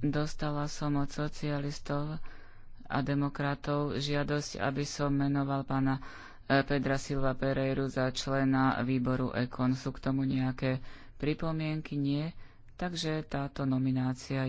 Dostala som od socialistov a demokratov žiadosť, aby som menoval pána e, Pedra Silva Pereiru za člena výboru Ekon. Sú k tomu nejaké pripomienky? Nie. Takže táto nominácia je